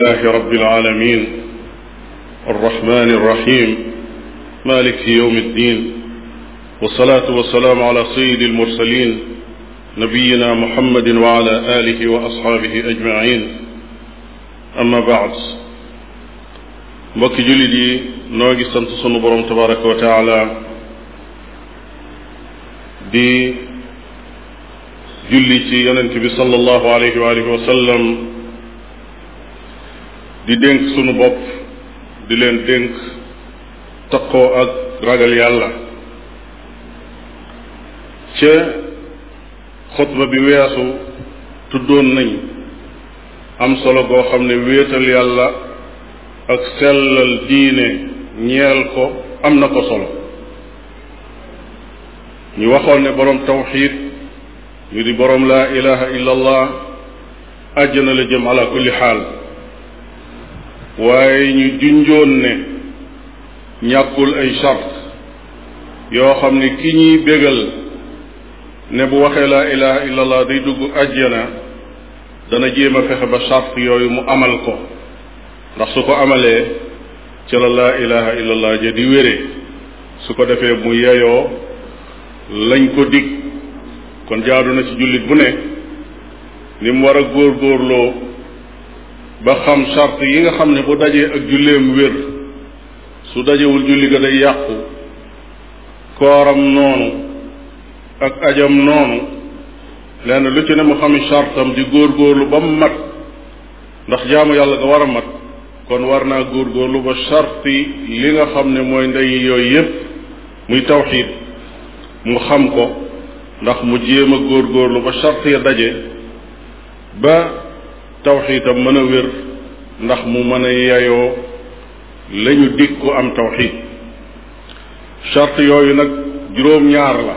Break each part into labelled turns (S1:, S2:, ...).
S1: لله رب العالمين الرحمن الرحيم مالك يوم الدين والصلاة والسلام على سيد المرسلين نبينا محمد وعلى آله وأصحابه أجمعين أما بعد mbokki jullit yi noo ngi sant sunu borom tabaraka wa taala di julli ci yonent bi sallallahu alayhi wa alihi wa sallam di dénk sunu bopp di leen dénk taqoo ak ragal yàlla ca xutba bi weesu tuddoon nañu am solo goo xam ne wéetal yàlla ak sellal diine ñeel ko am na ko solo ñu waxoon ne boroom tawxiid ñu di boroom la ilaha illa allah àjjana la jëm ala kulli xaal waaye ñu junjoon ne ñàkkul ay chart yoo xam ne ki ñuy bégal ne bu waxee laa ilaha illa day dugg ajjana dana jéem a fexe ba chart yooyu mu amal ko ndax su ko amalee ci la laa ilaha illa allah ja di wéree su ko defee mu yeyoo lañ ko dig kon jaadu na ci jullit bu ne ni mu war a góor góorloo ba xam charte yi nga xam ne bu dajee ak julleem wér su dajewul julli ga day yàqu kooram noonu ak ajam noonu lenn lu ci ne mu xami chartam di góorgóorlu ba mu mat ndax jaamu yàlla ga war a mat kon war naa góorgóorlu ba charti li nga xam ne mooy ndey yooyu yépp muy tawxiid mu xam ko ndax mu jéem góor góorgóorlu ba charte ya daje ba tawxiidam mën a wér ndax mu mën a yeyoo lañu ñu ko am tawxiid charte yooyu nag juróom-ñaar la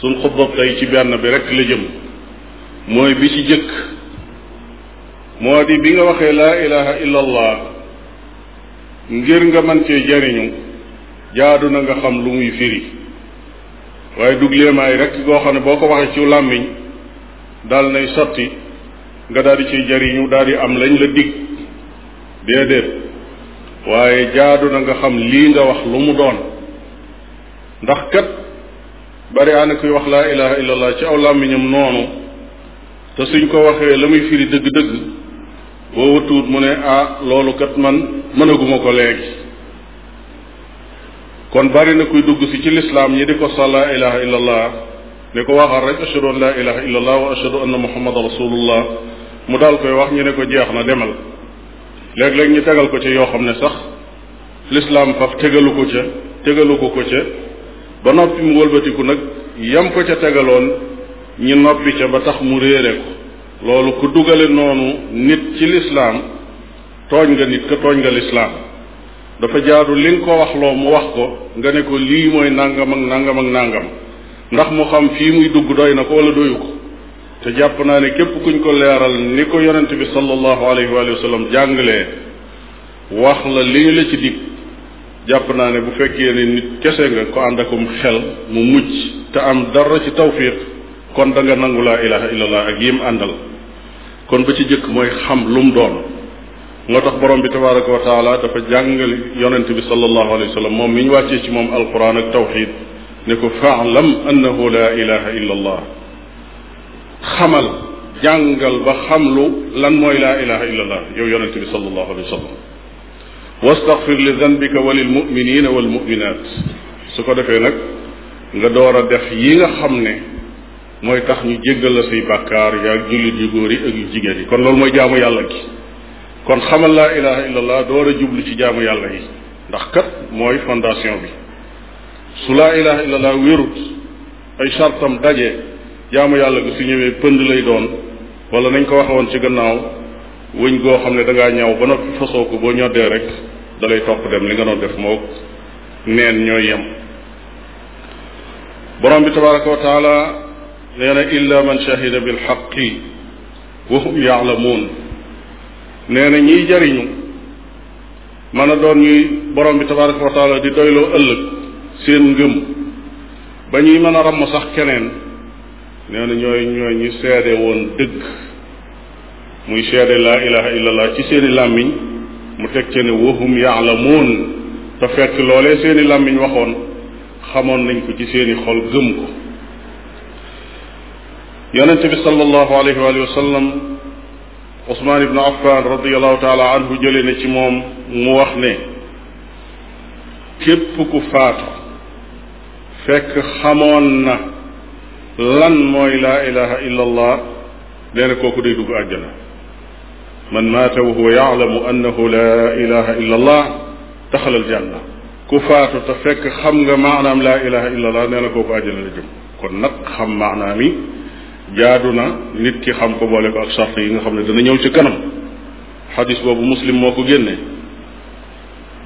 S1: suñ xutbab tey ci benn bi rekk la jëm mooy bi ci jëkk moo di bi nga waxee laa ilaha illa ngir nga mën cee jariñu jaadu na nga xam lu muy firi waaye dugleemaay rek goo xam ne boo ko waxee ci làmmiñ dal nay sotti nga daal di ciy jariñu daal di am lañ la dig déedéet waaye jaadu na nga xam lii nga wax lu mu doon ndax kat bari aana kuy wax laa ilaha illallah ci aw làmmiñam noonu te suñ ko waxee la muy firi dëgg-dëgg boo watuut mu ne ah loolu kat man mënaguma ko léegi kon bari na kuy dugg si ci lislaam ñi di ko sa laa ilaha illallah ne ko waxal rek ashhadu an laa ilaha illallah wa ashhadu anna muhammadan rasulullah mu daal koy wax ñu ne ko jeex na demal léeg-léeg ñu tegal ko ca yoo xam ne sax lislaam faf tegalu ko ca tegalu ko ko ca ba noppi mu wëlbatiku nag yam ko ca tegaloon ñi noppi ca ba tax mu réere ko loolu ku dugale noonu nit ci lislaam tooñ nga nit ka tooñ nga lislaam dafa jaaru li nga ko wax loo mu wax ko nga ne ko lii mooy nangam ak nangam ak nangam ndax mu xam fii muy dugg doy na ko wala doyu ko te jàpp naa ne képp ku kuñ ko leeral ni ko yonent bi sallallahu alayhi wa sallam jàngalee wax la li ñu la ci dig jàpp naa ne bu fekkee ne nit kese nga ko ànd akum xel mu mujj te am dara ci tawfiq kon da nga nangu laa ilaha illallah ak yim àndal kon ba ci jëkk mooy xam lu mu doon moo tax borom bi tabaraka wa taala dafa jàngale yonent bi sallallahu alayhi wa moom mi ñu wàccee ci moom alquran ak tawxid ne ko faalam annahu la ilaha illallah xamal jàngal ba xamlu lan mooy la ilaha illallah yow yonente bi sallallahu alayhi wa sallam wastaxfir li danbika wa lil muminina wal muminat su ko defee nag nga door a def yi nga xam ne mooy tax ñu jéggal la say bàkkaar yaag jullit yu góor yi ak yu jigéen yi kon loolu mooy jaamu yàlla gi kon xamal laa ilaha illallah door a jublu ci jaamu yàlla yi ndax kat mooy fondation bi su laa ilaha illallah wérut ay chartam daje jaamu yàlla gi su ñëwee pënd lay doon wala nañ ko woon ci gannaaw wëñ goo xam ne da ngaa ñaw ba noppi ko boo ñoddee rek da lay topp dem li nga doon def moo neen ñooy yem borom bi tabaraka wa taala nee na illa man shahida bil xaqi wa hum yaalamuun nee na ñiy jariñu mën a doon borom bi tabaraka wa di doyloo ëllëg seen ba ñuy mën a ramm sax keneen nee na ñooy ñooy ñi seede woon dëgg muy seede laa ilaha illallah ci seeni làmmiñ mu teg ci ne wahum yaalamuun te fekk loolee seeni làmmiñ waxoon xamoon nañ ko ci seeni xol gëm ko yonent bi sallallahu alayhi wa sallam Usmaan ibnu Affaan radiallahu taala anhu jële ne ci moom mu wax ne képp ku faatu fekk xamoon na lan mooy laa ilaha illa allah nee kooku day dugg man maata wa huwa yaalamu annahu laa ilaha allah taxalal janna ku faatu te xam nga maanaam laa ilaha illa allah nee na kooku àjjana la jëm kon nag xam maanaam yi jaadu na nit ki xam ko boole ko ak sart yi nga xam ne dana ñëw ci kanam xadis boobu muslim moo ko génnee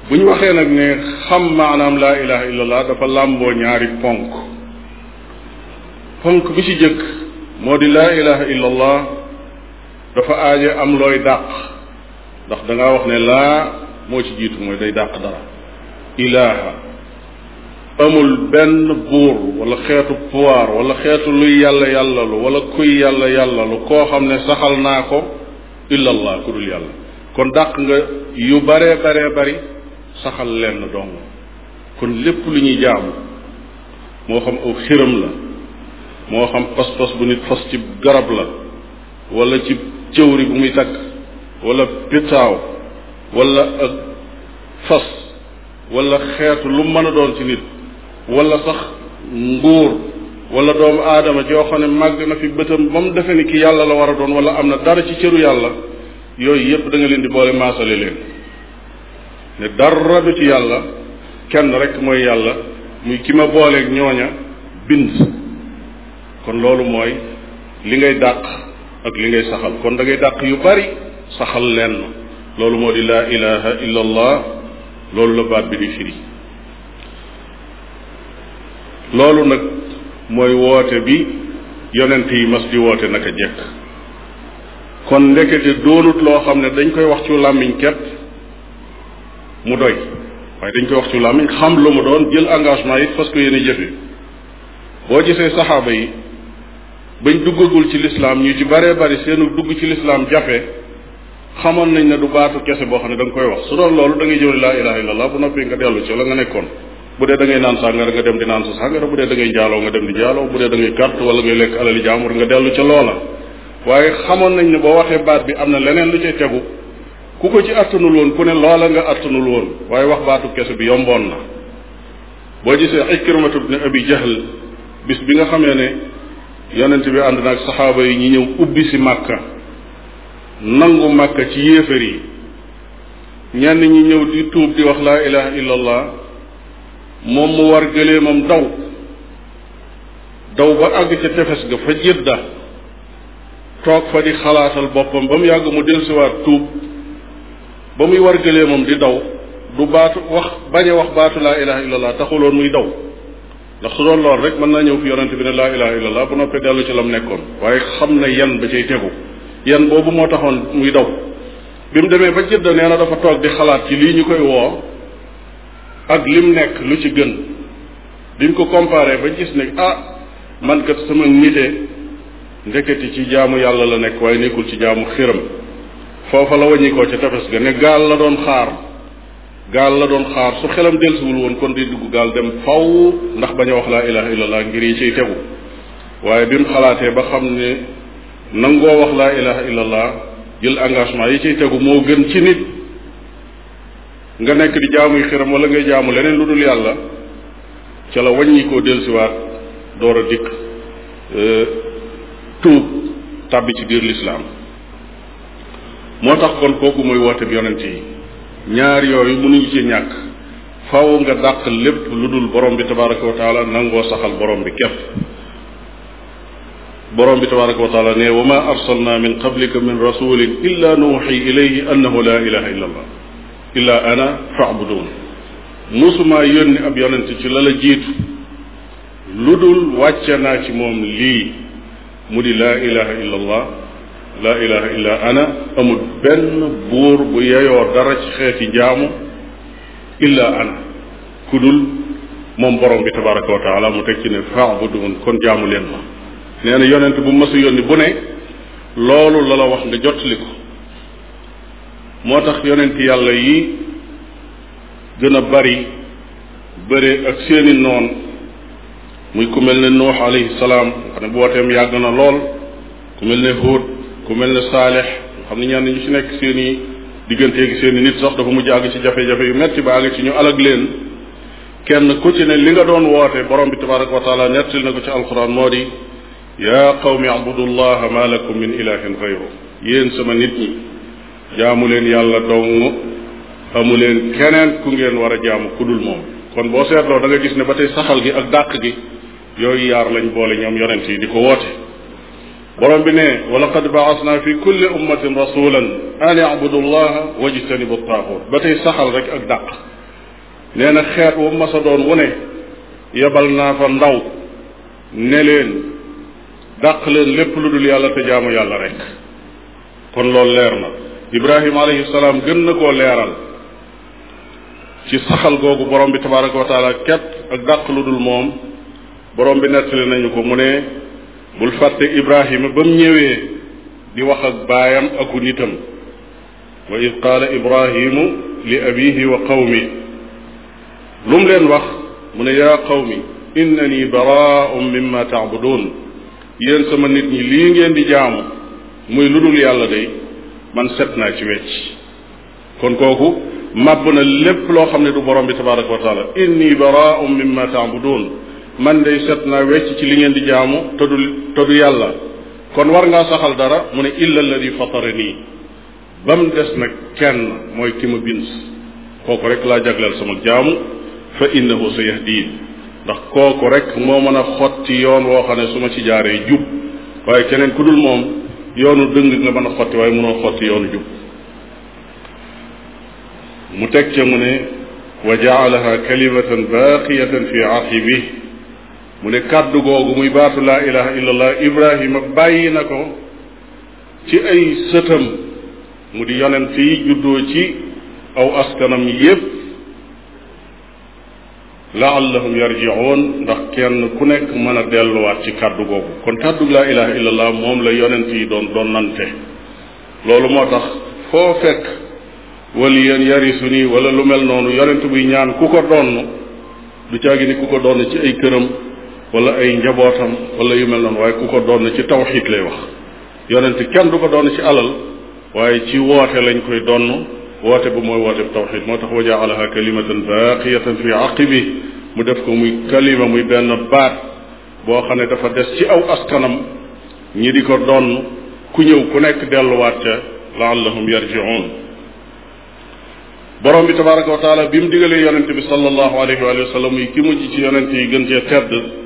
S1: bu ñu waxee nag ne xam maanaam laa ilaha illa allah dafa làmboo ñaari ponk ponk bi ci jëkk moo di laa ilaha illa dafa aaje am looy dàq ndax da ngaa wax ne laa moo ci jiitu mooy day dàq dara ilaha amul benn buur wala xeetu pouvoir wala xeetu luy yàlla yàllalu wala kuy yàlla yàllalu koo xam ne saxal naa ko illallah ku dul yàlla kon dàq nga yu baree baree bari saxal lenn dong kon lépp lu ñuy jaamu moo xam aw xiram la moo xam pas-pas bu nit fas ci garab la wala ci cëwri bu muy takk walla pitaaw walla ak fas wala xeetu lu mën a doon ci nit wala sax nguur wala doomu aadama joo xam ne màgg na fi bëtam ba mu defe ni ki yàlla la war a doon wala am na dara ci cëru yàlla yooyu yépp danga leen di boole maasale leen ne dara du ci yàlla kenn rek mooy yàlla muy ki ma booleeg ñooña bind kon loolu mooy li ngay dàq ak li ngay saxal kon da ngay dàq yu bari saxal lenn loolu moo di laa ilaha illa loolu la baat bi di firi loolu nag mooy woote bi yonent yi mas di woote nag a jekk kon ndekete doonut loo xam ne dañ koy wax ci làmmiñ kepp mu doy waaye dañ koy wax ci làmmiñ xam lu mu doon jël engagement yi parce que yéen jëfe boo gisee saxaaba yi bañ duggagul ci lislaam ñu ci baree bari seenu dugg ci lislaam jafe xamoon nañ ne du baatu kese boo xam ne da koy wax su doon loolu da ngay jëw laa ilaha illallah bu noppi nga dellu ci la nga nekkoon bu dee da ngay naan sàngara nga dem di naan sa sàngara bu dee da ngay njaaloo nga dem di njaaloo bu dee da ngay carte wala ngay lekk alali jaamur nga dellu ca loola waaye xamoon nañ ne boo waxee baat bi am na leneen lu cay tegu ku ko ci attanul woon ku ne loola nga attanul woon waaye wax baatu kese bi yomboon na boo gisee Ikrimatu ibn Abi Jahl bis bi nga xamee ne yonent bi ànd ak saxaaba yi ñi ñëw ubbi si màkka nangu màkka ci yéefar yi ñenn ñu ñëw di tuub di wax laa ilaha illa allah moom mu war gëleemam daw daw ba àgg ca tefes ga fa jidda toog fa di xalaatal boppam ba mu yàgg mu delsiwaat tuub ba muy war gëleemam di daw du baatu wax bañ a wax baatu laa ilaha illa allah taxuloon muy daw ndax su doon lool rek mën naa ñëw fi yonente bi ne laa ilaha illallah bu noppee dellu ci mu nekkoon waaye xam na yan ba cay tegu yan boobu moo taxoon muy daw bi mu demee ba jëdda nee na dafa toog di xalaat ci lii ñu koy woo ak lim nekk lu ci gën bi ko comparé ba gis ne ah man kat sama nite ndeketi ci jaamu yàlla la nekk waaye nekkul ci jaamu xiram foofa la waññikoo ca tefes ga ne gaal la doon xaar gaal la doon xaar su xelam delsuwul woon kon di dugg gaal dem faw ndax bañ a wax laa ilaha illallah ngir yi ciy tegu waaye bi mu xalaatee ba xam ne nangoo wax laa ilaha illallah jël engagement yi ciy tegu moo gën ci nit nga nekk di jaamuy xiram wala ngay jaamu leneen lu dul yàlla ca la wàññi koo dellusiwaat door a dikk euh, tuub tàbbi ci biir lislaam moo tax kon kooku mooy woote bi yonent yi ñaar yooyu mënuñu ci ñàkk faaw nga dàq lépp lu dul borom bi tabaraka wa taala nangoo saxal borom bi képp borom bi tabaraka wa taala ne wa ma arsalna min qablika min rasulin illa nuuxi ilayhi annahu illa allah illa ana faabudun musumaa yónni ab yonent ci la la jiitu lu dul wàcce naa ci moom lii mu di laa ilaha illa allah laa ilaha illa ana amul benn buur bu yeyoo dara ci xeeti jaamu illa ana ku moom borom bi tabaraka wa taala mu teg ci ne faabudun kon jaamu leen ma nee yonent bu masu yónni bu ne loolu la la wax nga jottali ko moo tax yonent yàlla yi gën a bari bëre ak seeni noon muy ku mel ne nuux alayhi salaam booteem yàgg na lool ku ne Huud bu mel ne saalix xam ne ñenn ñu ci nekk seen i digganteegi seen i nit sax dafa mujj àgg ci jafe-jafe yu metti ba àgg ci ñu alag leen kenn ku ci ne li nga doon woote borom bi tabaraka wa taala ñettil na ko ci alquran moo di yaa qawmi abudullaha ma lakum min ilahin gayru yéen sama nit ñi jaamu leen yàlla dong amu leen keneen ku ngeen war a jaamu kudul moom kon boo seetloo da nga gis ne ba tey saxal gi ak dàq gi yooyu yaar lañ boole ñoom yonent yi di ko woote borom bi ne wa laqad baasna fi kulli ummatin rasulan an yabudu llaha wajtanibu taaxut ba tey saxal rek ak dàq nee na xeet wu masa doon wu ne yebal naa fa ndaw ne leen dàq leen lépp lu dul yàlla te jaamu yàlla rek kon loolu leer ma ibrahim alayhi salaam gën na koo leeral ci saxal googu borom bi tabaraka wa taala képp ak dàq lu dul moom borom bi nettali nañu ko mu ne bul fàtte ibrahima ba mu ñëwee di wax ak baayam aku nitam wa id qaala ibrahimu li abihi wa qawmi lu mu leen wax mu ne yaa qawmi innani baraa'un mimma taabudun yéen sama nit ñi lii ngeen di jaamu muy lu dul yàlla day man set naa ci wecc kon kooku màbb na lépp loo xam ne du borom bi tabaraka wa taala inni baraa'un mimma taabudun man day set naa wecc ci li ngeen di jaamu te du te yàlla kon war ngaa saxal dara mu ne illa alladi fatara nii ba mu des nag kenn mooy ki ma bind kooku rek laa jagleel sama jaamu fa innahu sa yahdiin ndax kooku rek moo mën a xotti yoon woo xam ne su ma ci jaaree jub waaye keneen ku dul moom yoonu dëng nga mën a xotti waaye mënoo xotti yoonu jub mu teg ca mu ne wa jaalaha kalimatan baaqiyatan fi aqibi mu ne kàddu googu muy baatu laa ilaha illallah ibrahima bàyyi na ko ci ay sëtam mu di yonent yi juddoo ci aw askanam yépp laallahum yarji'un ndax kenn ku nekk mën a delluwaat ci kàddu googu kon kàddu laa ilaha illallah moom la yonent yi doon doon loolu moo tax foo fekk waliyan yarisu nii wala lu mel noonu yonent buy ñaan ku ko doon du caagi ni ku ko doon ci ay këram wala ay njabootam wala yu mel noonu waaye ku ko doon ci tawxiit lay wax yonent kenn du ko doon ci alal waaye ci woote lañ koy donn woote bu mooy woote bu tawxiid moo tax wa jaalaha kalimatan baaqiyatan fi aqibi mu def ko muy kalima muy benn baat boo xam ne dafa des ci aw askanam ñi di ko donn ku ñëw ku nekk delluwaat ca laallahum yarjiun borom bi tabaraka wa taala bi mu digalee yonente bi sallallahu alayhi wa sallam ki mujj ci yonente yi gën cee tedd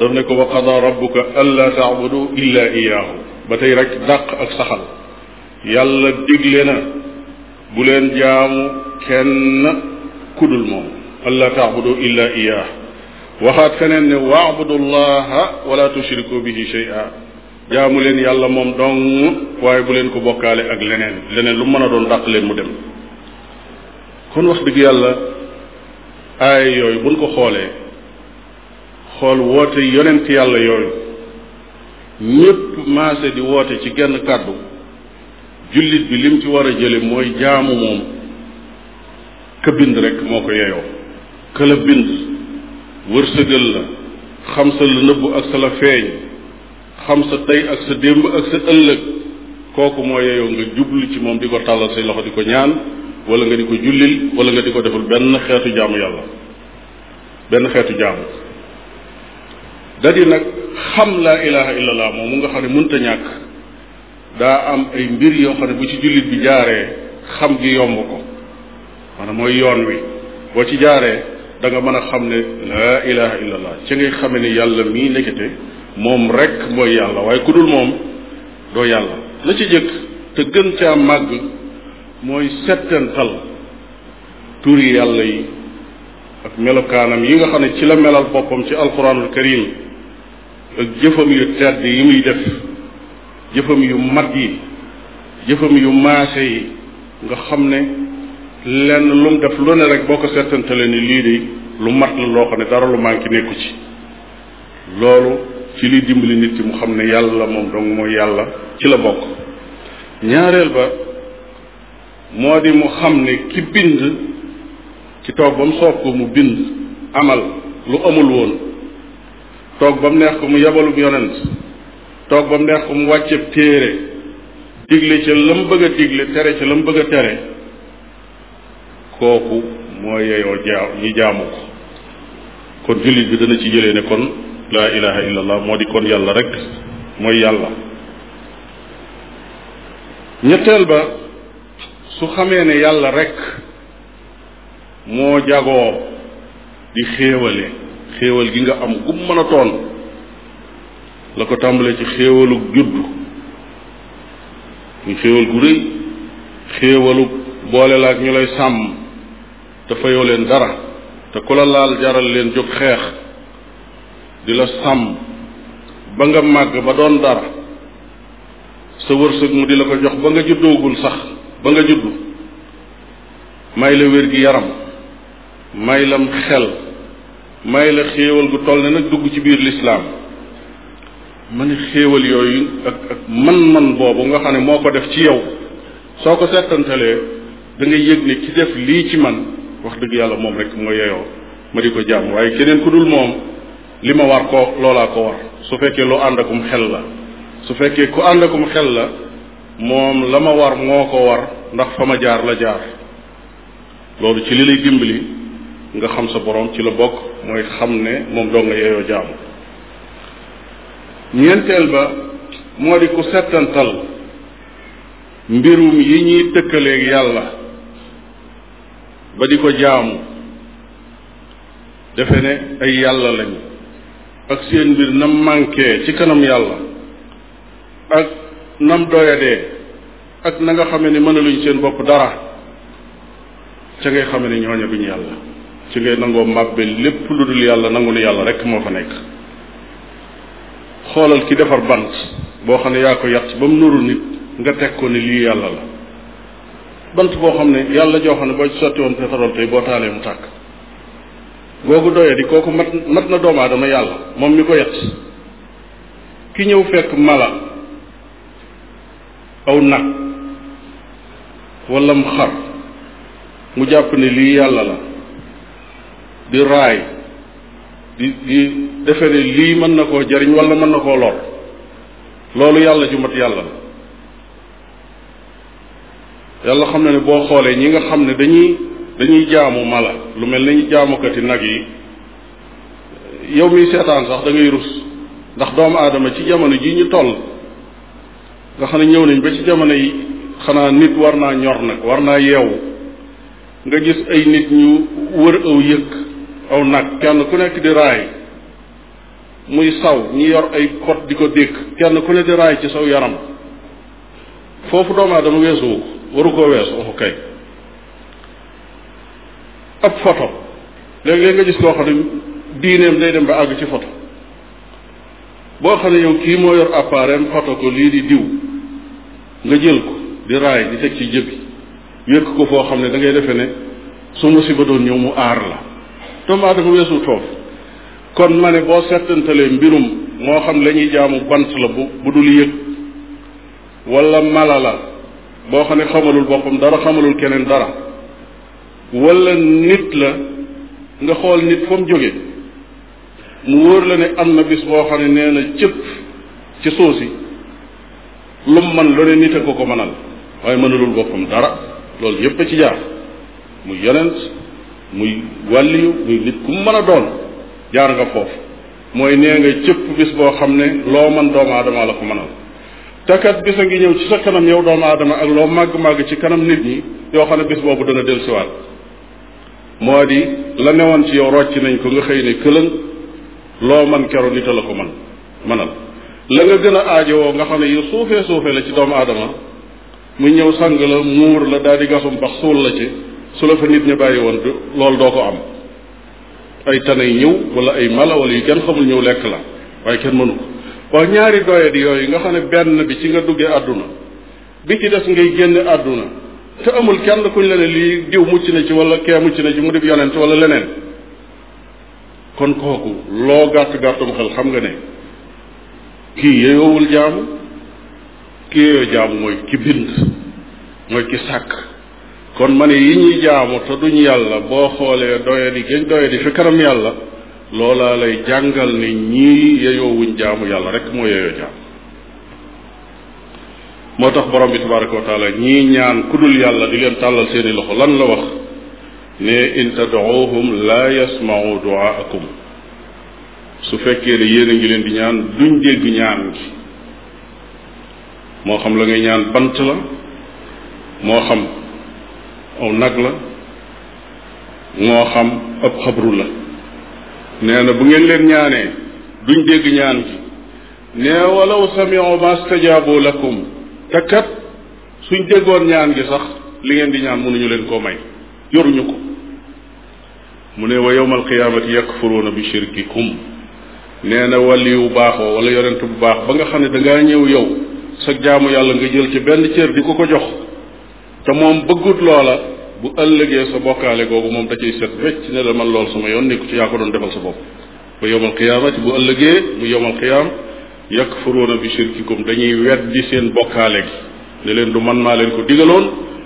S1: daf ne ko wa qada rabbuka alla taabudu illa iyaahu ba tey rek dàq ak saxal yàlla digle na bu leen jaamu kenn kudul moom alla taabudu illa iyaah waxaat feneen ne waabudu llaha wala tushriku bihi shay'a jaamu leen yàlla moom dong waaye bu leen ko bokkaale ak leneen leneen lu mën a doon dàq leen mu dem kon wax dëgg yàlla ay yooyu buñ ko xoolee xool woote yonent yàlla yooyu ñépp maase di woote ci genn kàddu jullit bi lim ci war a jële mooy jaamu moom ka bind rek moo ko yeyoo ka la wërsëgal la xam sa la nëbbu ak sa la feeñ xam sa tey ak sa démb ak sa ëllëg kooku moo yeyoo nga jublu ci moom di ko tàllal say loxo di ko ñaan wala nga di ko jullil wala nga di ko deful benn xeetu jaamu yàlla benn xeetu jaamu da di nag xam laa ilaha illallah moom mu nga xam ne mënta ñàkk daa am ay mbir yoo xam ne bu ci jullit bi jaaree xam gi yomb ko maanaam mooy yoon wi boo ci jaaree danga mën a xam ne laa ilaha illallah ci ngay xam ne yàlla mii nekkete moom rek mooy yàlla waaye ku moom doo yàlla la ci jëkk te gën caa màgg mooy settental turi yàlla yi ak melokaanam yi nga xam ne ci la melal boppam ci alquranul karim ak jëfam yu tedd yi muy def jëfam yu mat yi jëfam yu maase yi nga xam ne lenn lu mu def lu ne rek boo ko seetantale ni lii de lu mat la loo xam ne dara lu manqué nekku ci loolu ci li dimbali nit ci mu xam ne yàlla moom dong mooy yàlla ci la bokk ñaareel ba moo di mu xam ne ki bind ci toog ba mu soob ko mu bind amal lu amul woon toog ba mu neex ko mu yabalub yonent toog ba mu neex ko mu wàcceeb téere digle ca la mu bëgg a digle tere ca la mu bëgg a tere kooku moo yeyoo jaamu ko kon jullit bi dana ci jëlee ne kon laa ilaha illallah moo di kon yàlla rek mooy yàlla ñetteel ba su xamee ne yàlla rek moo jagoo di xéewale xéewal gi nga am gum mën a toon la ko tàmbalee ci xéewalug judd muy xéewal gu rëy xéewalug boole la ak ñu lay sàmm te fayoo leen dara te ku la laal jaral leen jóg xeex di la sàmm ba nga màgg ba doon dara sa wërsëg mu di la ko jox ba nga juddoogul sax ba nga juddu may la wér gi yaram may lam xel may la xéewal gu toll ne nag dugg ci biir lislaam ma ne xéewal yooyu ak ak man-man boobu nga xam ne moo ko def ci yow soo ko settantalee dangay ngay yëg ne ki def lii ci man wax dëgg yàlla moom rek moo yeyoo ma di ko jàmm waaye keneen ku dul moom li ma war koo loolaa ko war su fekkee lu ànd akum xel la su fekkee ku ànd akum xel la moom la ma war moo ko war ndax fa ma jaar la jaar loolu ci li lay dimbali nga xam sa borom ci la bokk mooy xam ne moom doo nga yeyoo jaamu ñeenteel ba moo di ku settantal mbirum yi ñuy tëkkaleeg yàlla ba di ko jaamu defe ne ay yàlla lañu ak seen mbir nam manqué ci kanam yàlla ak nam doyadee ak na nga xame ne mënaluñ seen bopp dara ca ngay xame ne ñooña duñ yàlla ci ngay nangoo màbbe lépp lu dul yàlla nangu ni yàlla rek moo fa nekk xoolal ki defar bant boo xam ne yaa ko yàtt ba mu nuru nit nga teg koo ni lii yàlla la bant boo xam ne yàlla joo ne boo ci sotti woon pétrole tey boo taalee mu tàkk boo ko di kooku mat mat na doomu aadama yàlla moom mi ko yàtt ki ñëw fekk mala aw nag wala mu xar mu jàpp ne lii yàlla la di raay di di defe ne lii mën na koo jariñ wala mën na koo lor loolu yàlla ju mat yàlla la yàlla xam na ne boo xoolee ñi nga xam ne dañuy dañuy jaamu mala lu mel ni ñu jaamukati nag yi yow miy seetaan sax da rus ndax doomu aadama ci jamono ji ñu toll nga xam ne ñëw nañ ba ci jamono yi xanaa nit war naa ñor nag war naa yeewu nga gis ay nit ñu wër aw yëkk aw nag kenn ku nekk di raay muy saw ñi yor ay xot di ko dékk kenn ku ne di raay ci saw yaram foofu doomu aadama weesuwu ko waru koo weesu waxu kay ab photo léeg-léeg nga gis koo xam ne diineem day dem ba àgg ci photo boo xam ne yow kii moo yor appareil photo ko lii di diw nga jël ko di raay di teg ci jëbi wékk ko foo xam ne dangay ngay defe ne su musiba doon ñëw mu aar la doomu aadama weesu foofu kon ma ne boo settantalee mbirum moo xam lañuy ñuy jaamu bant la bu bu dul yëg walla malala boo xam ne xamalul boppam dara xamalul keneen dara wala nit la nga xool nit fa mu jóge mu wóor la ne am na bis boo xam ne nee na cëpp ci suuf si lum man lu ne nit a ko ko mënal waaye mënalul boppam dara loolu yépp a ci jaar muy yonent muy wàlliyu muy nit ku mën a doon jaar nga foofu mooy nee nga cëpp bis boo xam ne loo man doomu aadama la ko mën mënal takat bis a ngi ñëw ci sa kanam yow doomu aadama ak loo màgg-màgg ci kanam nit ñi yoo xam ne bis boobu dana wàll moo di la ne woon ci yow rocc nañ ko nga xëy ne këlën loo man kero nit a la ko man mënal la nga gën a woo nga xam ne yu suufee suufee la ci doomu aadama muy ñëw sang la muur la daal di gasum bax suul la ci su la fa nit ña bàyyi woon lool doo ko am ay tanay ñëw wala ay mala wala yu kenn xamul ñëw lekk la waaye kenn mënu ko waaw ñaari doyadi yooyu nga xam ne benn bi ci nga duggee àdduna bi ci des ngay génne àdduna te amul kenn kuñ la ne lii diw mucc na ci wala kee mucc na ci mu dib yonent wala leneen kon kooku loo gàtt gàttum xel xam nga ne kii yeyoowul jaamu kii yeyoo jaamu mooy ki bind mooy ki sàkk kon ma ne yi ñuy jaamu te duñ yàlla boo xoolee doyadi gën doyadi fi kanam yàlla loolaa lay jàngal ne ñii yeyoowuñ jaamu yàlla rek moo yeyoo jaam moo tax borom bi tabaraka wa taala ñii ñaan kudul yàlla di leen tàllal seeni loxo lan la wax ne in tad'uuhum laa yasma'u du'aakum fekkee ne a ngi leen di ñaan duñ dégg ñaan moo xam la ngay ñaan bant la moo xam aw nag la moo xam ab xabru la nee na bu ngeen leen ñaanee duñ dégg ñaan gi nee walaw samiu ma stajaabu lakum te kat suñ déggoon ñaan gi sax li ngeen di ñaan mënuñu leen koo may yoruñu ko mu ne wa yowma alqiyamati yakfuruuna bi shirkikum nee na wu baaxoo wala yonent bu baax ba nga xam ne danga ñëw yow sa jaamu yàlla nga jël ci benn cër di ko ko jox te moom bëggut loola bu ëllëgee sa bokkaale googu moom da cay set wecc ne la man lool sama yoon nekku ci yaa ko doon defal sa bopp ba yowmal qiyaamati bu ëllëgee mu yowmal qiyaam yakfuruuna bi shirkikum dañuy weddi seen bokkaale gi ne leen du man maa leen ko digaloon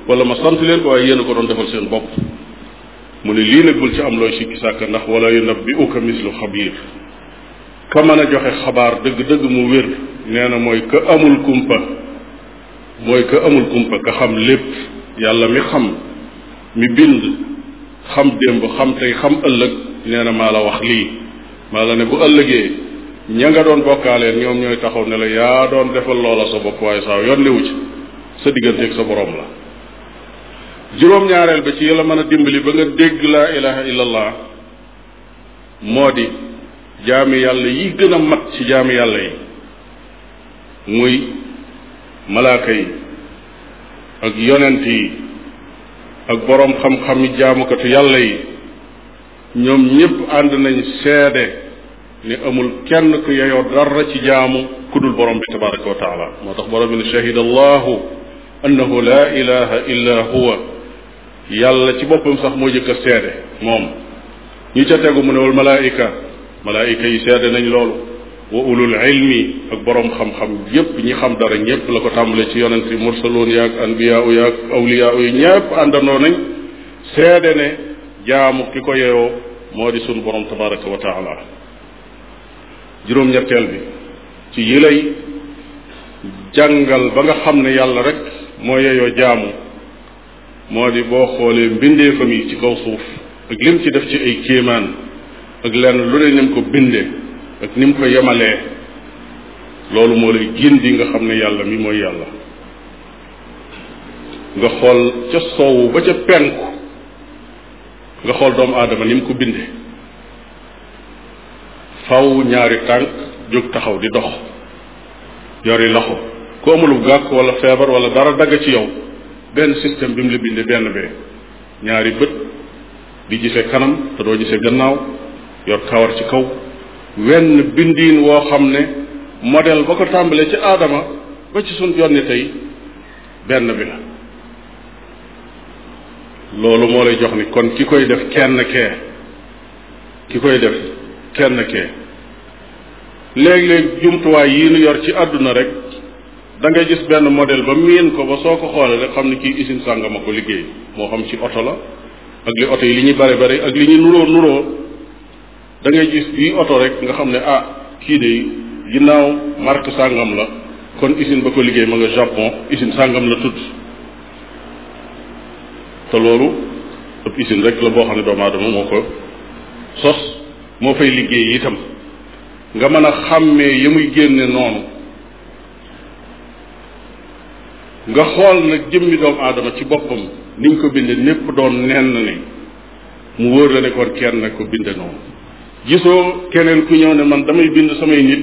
S1: wala ma sant leen ko waaye yéen a ko doon defal seen bopp mu ne lii nag bul ci am looy sikki sàkk ndax wala yunabbi'uka mislu xabiir ka mën a joxe xabaar dëgg-dëgg mu wér nee na mooy ka amul kumpa mooy ka amul kumpa ka xam lépp yàlla mi xam mi bind xam démb xam tey xam ëllëg nee na maa la wax lii maa la ne bu ëllëgee ña nga doon bokkaaleen ñoom ñooy taxaw ne la yaa doon defal loola sa bopp waaye saa yoon newu ci sa digganteeg sa boroom la juróom-ñaareel ba ci yàlla mën a dimbali ba nga dégg laa ilaha illallah moo di jaami yàlla yi gën a mat ci jaami yàlla yi muy malaaka yi ak yonent yi ak boroom xam-xam yi jaamukatu yàlla yi ñoom ñépp ànd nañ seede ni amul kenn ku yeyoo dara ci jaamu ku dul boroom bi tabaraka wa taala moo tax boroom bi ne shahida allahu annahu laa ilaha illa huwa yàlla ci boppam sax moo jëkk a seede moom ñi ca tegu mu ne wal malaayika malaayika yi seede nañ loolu wa ulul ilmi ak boroom xam-xam yépp ñi xam dara ñépp la ko tàmbale ci yonent yi mursaloon yaag anbiyaau yaag awliyaau yi ñépp àndandoo nañ seede ne jaamu ki ko yeewoo moo di sunu borom tabaraka wa taala juróom-ñetteel bi ci yi jàngal ba nga xam ne yàlla rek moo yeeyoo jaamu moo di boo xoolee mbindeefam yi ci kaw suuf ak lim ci def ci ay kéemaan ak lenn lu ne nim ko bindee ak ni mu ko yemalee loolu moo lay gindi nga xam ne yàlla mi mooy yàlla nga xool ca soowu ba ca penku nga xool doomu aadama ni mu ko binde faw ñaari tànk jóg taxaw di dox yori loxo ku amulub gàkk wala feebar wala dara dagg ci yow benn système bi mu la binde benn bee ñaari bët di gisee kanam te doo gisee gannaaw yor kawar ci kaw wenn bindiin woo xam ne model ba ko tàmbalee ci aadama ba ci suñ yonni tey benn bi la loolu moo lay jox ni kon ki koy def kenn kee ki koy def kenn kee léeg-léeg jumtuwaay yii nu yor ci àdduna rek da ngay gis benn model ba miin ko ba soo ko xoolee rek xam ni kii usine sàngama ko liggéey moo xam ci oto la ak li oto yi li ñuy bare bare ak li ñuy nuroo nuroo da ngay gis yi oto rek nga xam ne ah kii de ginnaaw marque sàngam la kon usine ba ko liggéey ma nga Japon usine sàngam la tudd te loolu ëpp usine rek la boo xam ne doomu aadama moo ko sos moo fay liggéey itam nga mën a xàmmee ya muy génne noonu nga xool nag jëmmi doomu aadama ci boppam niñ ko bindee népp doon nenn ne mu wóor la ne kon kenn ko binde noonu gisoo keneen ku ñëw ne man damay bind samay nit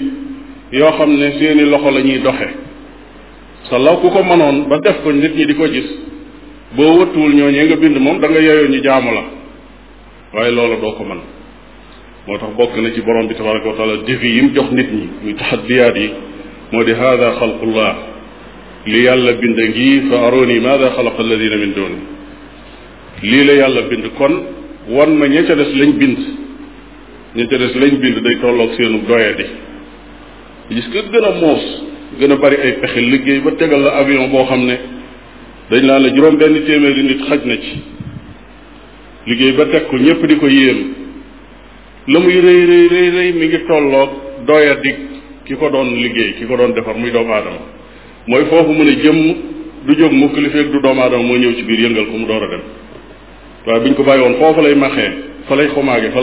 S1: yoo xam ne seeni loxo la ñuy doxe sa law ku ko mënoon ba def ko nit ñi di ko gis boo wëttuwul ñooñee nga bind moom da nga yeyoo ñu jaamu la waaye loola doo ko mën moo tax bokk na ci borom bi tabaraka wa taala yi mu jox nit ñi muy taxaddiyaat yi moo di hada xalqullah li yàlla bind ngi fa aroni maada xalaqa alladina min lii la yàlla bind kon wan ma ña des lañ bind ña lañu des lañ bind day tolloog seenu doyadi gis nga gën a moos gën a bari ay pexe liggéey ba tegal la avion boo xam ne dañ laa ne juróom benn téeméeri nit xaj na ci liggéey ba teg ko ñépp di ko yéem la muy rëy rëy rëy rëy mi ngi tolloog doyadi ki ko doon liggéey ki ko doon defar muy doomu mooy foofu mun ne jëmm du jóg mukk li fekk du doomu aadama moo ñëw ci biir yëngal ko mu door a dem waaye bu ñu ko bàyyi woon foofu lay maxee fa lay xomaage fa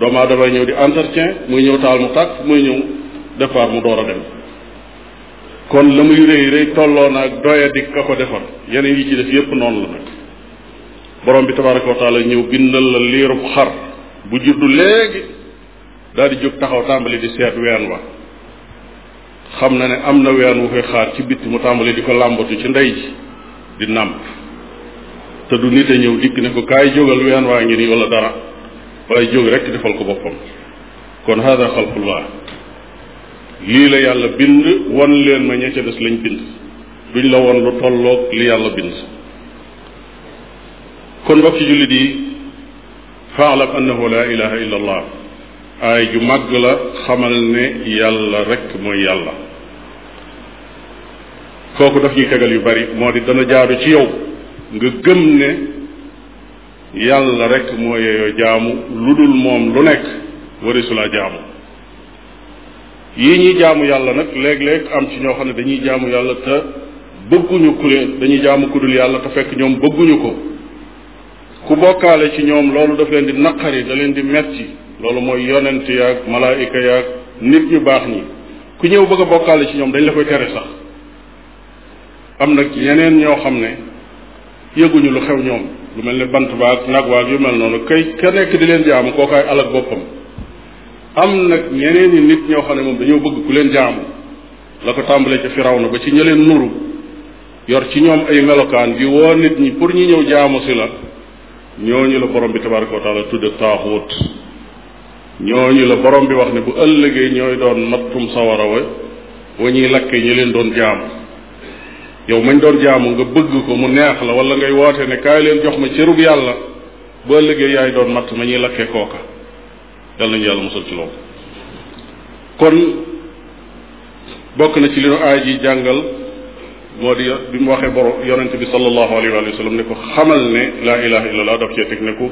S1: doomu aadama ñëw di entretien muy ñëw taal mu tàkk muy ñëw départ mu door a dem kon la muy rëy rëy tolloo na ak doya di ka ko defar yeneen yi ci def yépp noonu la nag borom bi tabaraka wa taala ñëw bindal la liirub xar bu juddu léegi daal jóg taxaw tàmbali di seet ween wa xam na ne am na ween wu koy xaar ci bitti mu tàmbali di ko làmbatu ci ndey ji di nàmp te du nit a ñëw dikk ne ko kaay jógal ween waa ngi nii wala dara waaye jóg rek defal ko boppam kon hada xalqullah lii la yàlla bind won leen ma ña ca des lañ bind duñ la won lu tolloog li yàlla bind kon mbokki jullit yi faalam annahu la ilaha illa allah aay ju màgg la xamal ne yàlla rek mooy yàlla kooku daf ñuy tegal yu bari moo di dana jaaru ci yow nga gëm ne yàlla rek mooy yeyoo jaamu lu dul moom lu nekk warisu laa jaamu yii ñuy jaamu yàlla nag léeg-léeg am ci ñoo xam ne dañuy jaamu yàlla te bëgguñu ku leen dañuy jaamu ku dul yàlla te fekk ñoom bëgguñu ko ku bokkaale ci ñoom loolu daf leen di naqari da leen di metti loolu mooy yonent yaag malaayika yaag nit ñu baax ñi ku ñëw bëgg a bokkaale ci ñoom dañ la koy tere sax am nag yeneen ñoo xam ne yëguñu lu xew ñoom lu mel ne bant baag nag waag yu mel noonu kay ka nekk di leen jaamu kookaay alak boppam am nag ñeneen i nit ñoo xam ne moom dañoo bëgg ku leen jaamu la ko tàmbalee ca na ba ci ña leen nuru yor ci ñoom ay melokaan di woo nit ñi pour ñu ñëw jaamu si la ñooñu la borom bi tabaraka wa taala tudde taaxuut ñooñu la borom bi wax ne bu ëllëgee ñooy doon mattum sawara wa wa ñuy lakkee ñi leen doon jaamu yow mañ doon jaamu nga bëgg ko mu neex la wala ngay woote ne kaay leen jox ma cërub yàlla boo ëllëgee yaay doon matt ma ñuy lakkee kooka yàlla nañu yàlla musal ci loolu kon bokk na ci li nu aay ji jàngal moo di bi mu waxee boro yonente bi sallallahu alayhi wa sallam ne ko xamal ne laa ilaha illallah daf cee teg ne ko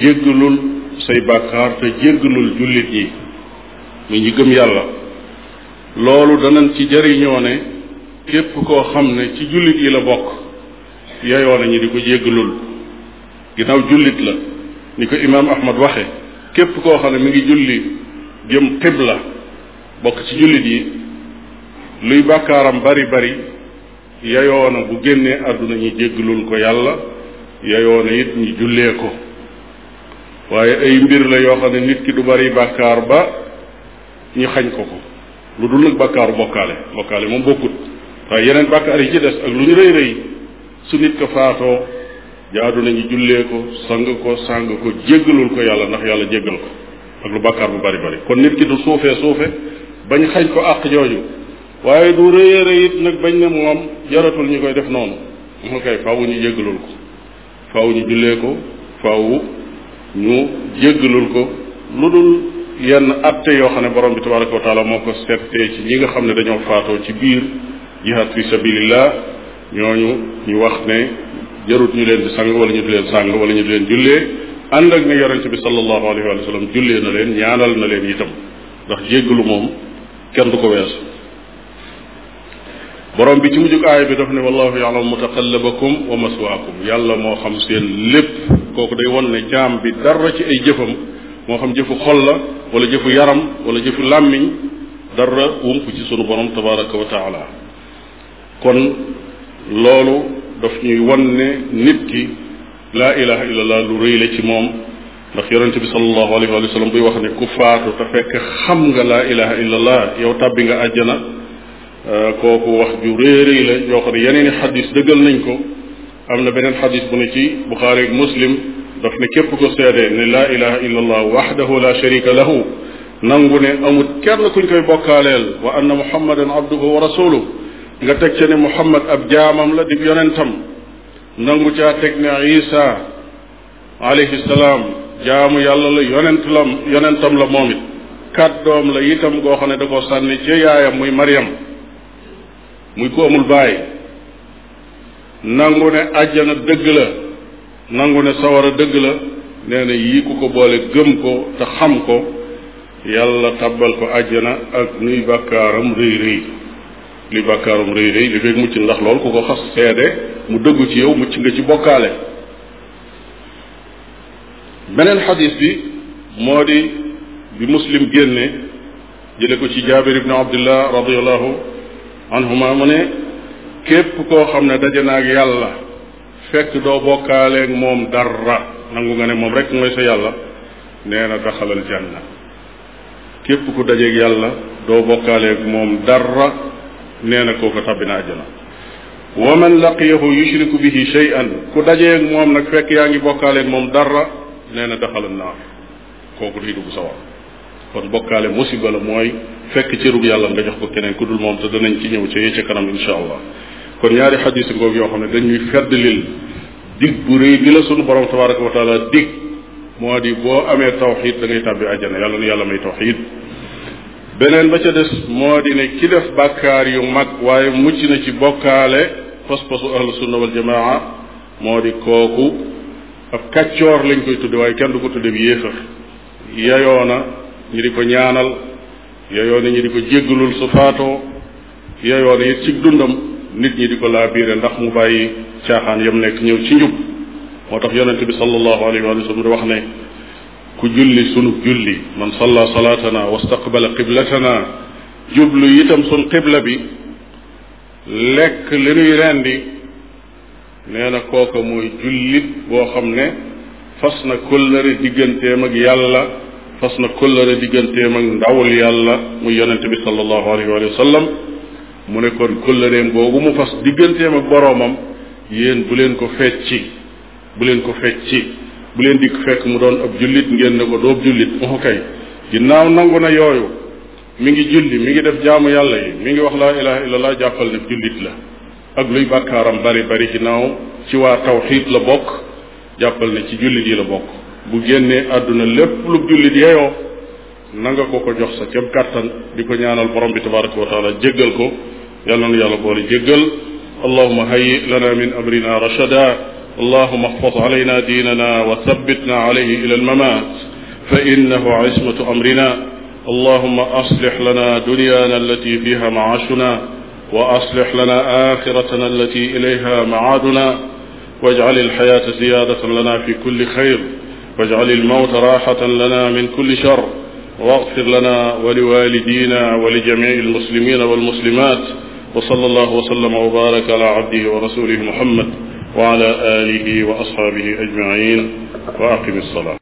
S1: jéggalul say bàkkaar te jéggalul jullit yi mu ñi gëm yàlla loolu danañ ci jëriñoo ne képp koo xam ne ci jullit yi la bokk yeyoo nañu di ko jéggalul ginnaaw jullit la ni ko imaam ahmad waxe képp koo xam ne mi ngi julli jëm la bokk ci jullit yi luy bàkkaaram bari bari yeyoo na bu génnee àdduna ñu jéggalul ko yàlla yeyoo na it ñu jullee ko waaye ay mbir la yoo xam ne nit ki du bari bàkkaar ba ñu xañ ko ko lu dul nag bàkkaaru bokkaale bokkaale moom bokkut waaye yeneen bàkkaar yi ci des ak lu ñu rëy rëy su nit ko faatoo jaadu nañu jullee ko sang ko sang ko jéggalul ko yàlla ndax yàlla jéggal ko ak lu bàkkaar bu bari bari kon nit ki du suufee suufe bañ xañ ko àq jooju waaye du rëy rëy it nag bañ ne moom jaratul ñu koy def noonu mu koy faaw ñu jéggalul ko faaw ñu jullee ko faaw ñu jéggalul ko lu dul yenn atte yoo xam ne borom bi tabaraka wa taala moo ko settee ci ñi nga xam ne dañoo faatoo ci biir jihaad fi sabilillah ñooñu ñu wax ne jarut ñu leen di sang wala ñu di leen sang wala ñu di leen jullee ànd ak ne yonente bi sallallahu alayhi wa sallam jullee na leen ñaanal na leen itam ndax jéggalu moom kenn du ko weesu borom bi ci mujjug aaya bi daf ne wallahu yaalam mutaqallabakum wa maswaakum yàlla moo xam seen lépp kooku day won ne jaam bi dara ci ay jëfam moo xam jëfu xol la wala jëfu yaram wala jëfu làmmiñ dara wump ci sunu borom tabaraka kon loolu daf ñuy won ne la ki laa ilaha illallah lu rëy la ci moom ndax yonente bi salallahu alayhi wa buy wax ne ku faatu te xam nga laa ilaha illallah yow tàbbi nga àjjana euh, kooku wax ju rëy rëy la yoo xam ne yeneeni xadis dëggal nañ ko am na beneen xadis bu ne ci buxaari ak muslim daf ne képp ko seede ne laa ilaha waxdahu la sharika lahu nangu ne amut kenn kuñ koy bokkaaleel wa anna muhammadan abduhu wa rasuluh nga teg ca ne muhammad ab jaamam la di yonentam nangu caa teg ne isa alayhi jaamu yàlla la yonent la yonentam la moom it kàddoom la itam goo xam ne da koo sànni ca yaayam muy mariam muy ku amul baay nangu ne àjjana dëgg la nangu ne sawara dëgg la nee na yii ku ko boole gëm ko te xam ko yàlla tabbal ko àjjana ak nuy bàkkaaram rëy rëy li bàkkaarum rëy rëy li fekk mucc ndax loolu ku ko xas seede mu dëggu ci yow mucc nga ci bokkaale beneen xadis bi moo di bi muslim génne jële ko ci jaabir ibnu abdillah radiallahu anhuma mu ne képp koo xam ne daje naag yàlla fekk doo bokkaaleeg moom dara nangu nga ne moom rek mooy sa yàlla nee na daxalal janna képp ku dajeeg yàlla doo bokkaaleeg moom dara nee na kooku tabbi na àjjana wa man laqiyahu yushriku bihi shay'an ku dajeeg moom nag fekk yaa ngi bokkaaleeg moom dara nee na daxala naar kooku day dugg sawar kon bokkaale musiba la mooy fekk ci cërub yàlla nga jox ko keneen ku dul moom te danañ ci ñëw ca yee ca kanam insha allah kon ñaari xadis ngoog yoo xam ne dañuy feddlil dig bu rëy di la sunu borom tabaraka wa taala dig moo di boo amee tawxid da ngay tàbbi àjjana yàlla na yàlla may tawxid beneen ba ca des moo di ne ki def bàkkaar yu mag waaye mucc na ci bokkaale pos-posu ahlu sunna wal moo di kooku ab kaccoor lañ koy tudd waaye kenn du ko tudde bi yéefar yayoo na ñu di ko ñaanal yayoo na ñu di ko jéggalul su faatoo yayoo na it ci dundam nit ñi di ko laa biire ndax mu bàyyi caaxaan yam nekk ñëw ci njub moo tax yonente bi sallallahu alayhi wa wax ne ku julli sunu julli man salla salaatana wastaqbala qiblatana jublu itam sun qibla bi lekk li nuy rendi nee kooka mooy jullit boo xam ne fas na kóllëre digganteem ak yàlla fas na kóllëre digganteem ak ndawul yàlla muy yonente bi sallallahu alayhi wa sallam mu ne kon kóllëreem googu mu fas digganteem ak boroomam yéen bu leen ko fecci bu leen ko fecci bu leen dikk fekk mu doon ab jullit ngeen ne ko doob jullit mu kay ginnaaw nangu na yooyu mi ngi julli mi ngi def jaamu yàlla yi mi ngi wax laa ilaha illallah jàppal ne jullit la ak luy bàkkaaram bari bari ginnaaw ci waa tawxiid la bokk jàppal ne ci jullit yi la bokk bu génnee àdduna lépp lu jullit yeyoo na ko ko jox sa kem kàttan di ko ñaanal borom bi tabaraka wa taala ko yàlla na yàlla boole jéggal allahuma hayyi lana min allahuma axfas alayna diinana wa sabbitna alayhi ila almamaat fa innahu ismatu amrina allahuma aslix lana dunyaana allati fiha maashuna wa aslix lana axiratana allati ilayha macaaduna wajcal alxayaata ziyaadatan lana fi kulli xayr wajcal almawta raaxatan lana min kulli shar واغفر لنا ولوالدينا ولجميع المسلمين والمسلمات وصلى الله وسلم وبارك على عبده ورسوله محمد wa ala alihi wa ashabihi ajmain wa aqimi salaam